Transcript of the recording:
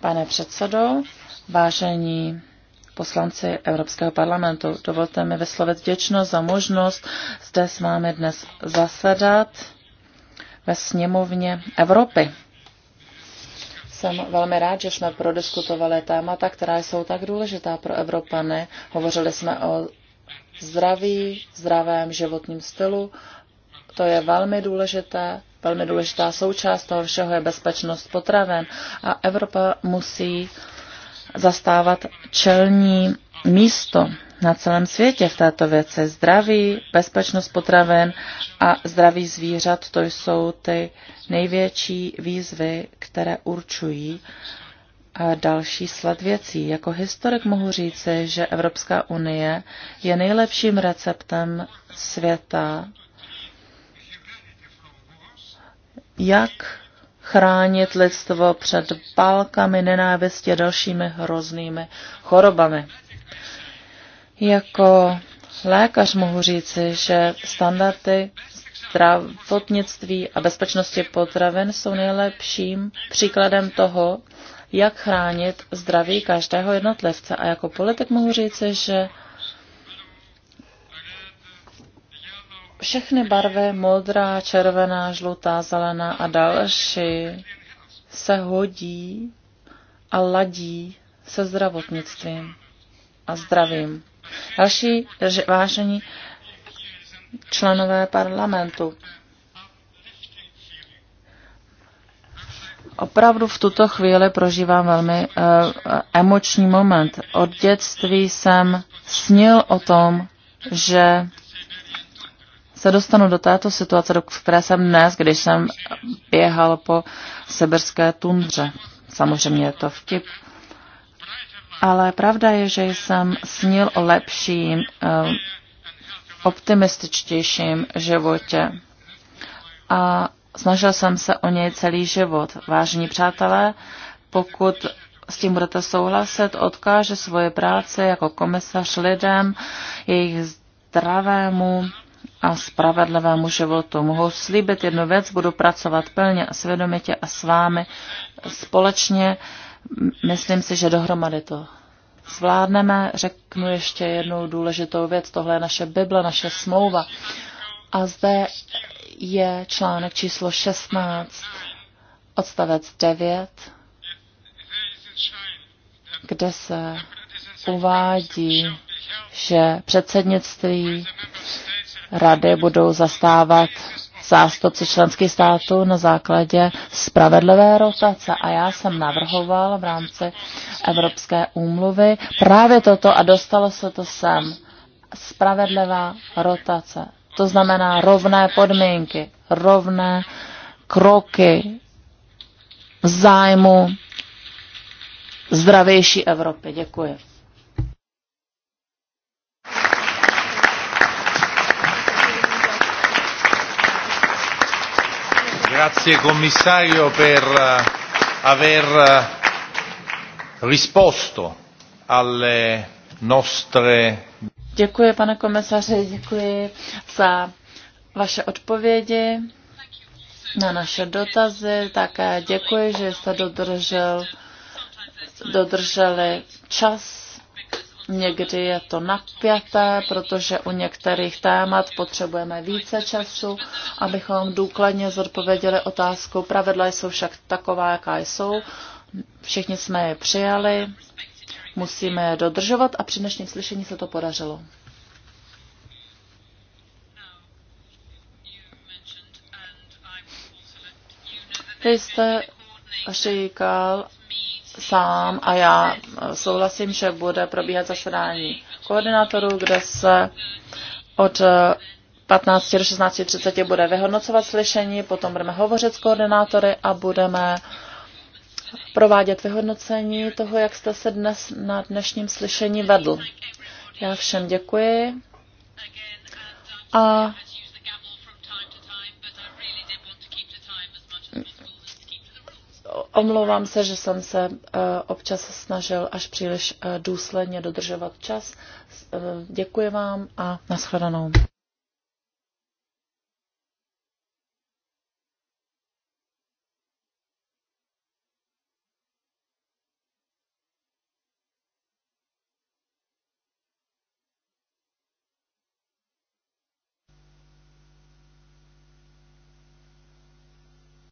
Pane předsedo, vážení poslanci Evropského parlamentu, dovolte mi vyslovit vděčnost za možnost zde s vámi dnes zasedat ve sněmovně Evropy. Jsem velmi rád, že jsme prodiskutovali témata, která jsou tak důležitá pro Evropany. Hovořili jsme o zdraví, zdravém životním stylu. To je velmi důležité Velmi důležitá součást toho všeho je bezpečnost potraven a Evropa musí zastávat čelní místo na celém světě v této věci. Zdraví, bezpečnost potraven a zdraví zvířat, to jsou ty největší výzvy, které určují další sled věcí. Jako historik mohu říci, že Evropská unie je nejlepším receptem světa jak chránit lidstvo před pálkami nenávistě a dalšími hroznými chorobami. Jako lékař mohu říci, že standardy zdravotnictví a bezpečnosti potravin jsou nejlepším příkladem toho, jak chránit zdraví každého jednotlivce. A jako politik mohu říci, že všechny barvy, modrá, červená, žlutá, zelená a další, se hodí a ladí se zdravotnictvím a zdravím. Další vážení členové parlamentu. Opravdu v tuto chvíli prožívám velmi uh, emoční moment. Od dětství jsem snil o tom, že se dostanu do této situace, do které jsem dnes, když jsem běhal po seberské tundře. Samozřejmě je to vtip. Ale pravda je, že jsem snil o lepším, eh, optimističtějším životě. A snažil jsem se o něj celý život. Vážení přátelé, pokud s tím budete souhlasit, odkáže svoje práce jako komisař lidem, jejich zdravému a spravedlivému životu. Mohu slíbit jednu věc, budu pracovat plně a svědomitě a s vámi společně. Myslím si, že dohromady to zvládneme. Řeknu ještě jednu důležitou věc. Tohle je naše Bible, naše smlouva. A zde je článek číslo 16, odstavec 9, kde se uvádí, že předsednictví rady budou zastávat zástupci členských států na základě spravedlivé rotace. A já jsem navrhoval v rámci Evropské úmluvy právě toto a dostalo se to sem. Spravedlivá rotace. To znamená rovné podmínky, rovné kroky v zájmu zdravější Evropy. Děkuji. Grazie commissario per eh, aver eh, risposto alle nostre. Děkuji, pane komisaři, děkuji za vaše odpovědi na naše dotazy. Také děkuji, že jste dodržel, dodrželi čas Někdy je to napjaté, protože u některých témat potřebujeme více času, abychom důkladně zodpověděli otázku. Pravidla jsou však taková, jaká jsou. Všichni jsme je přijali, musíme je dodržovat a při dnešním slyšení se to podařilo. Vy jste říkal sám a já souhlasím, že bude probíhat zasedání koordinátorů, kde se od 15 eh, do 16.30 bude vyhodnocovat slyšení, potom budeme hovořit s koordinátory a budeme provádět vyhodnocení toho, jak jste se dnes na dnešním slyšení vedl. Já všem děkuji a Omlouvám se, že jsem se eh, občas snažil až příliš eh, důsledně dodržovat čas. Eh, děkuji vám a nashledanou.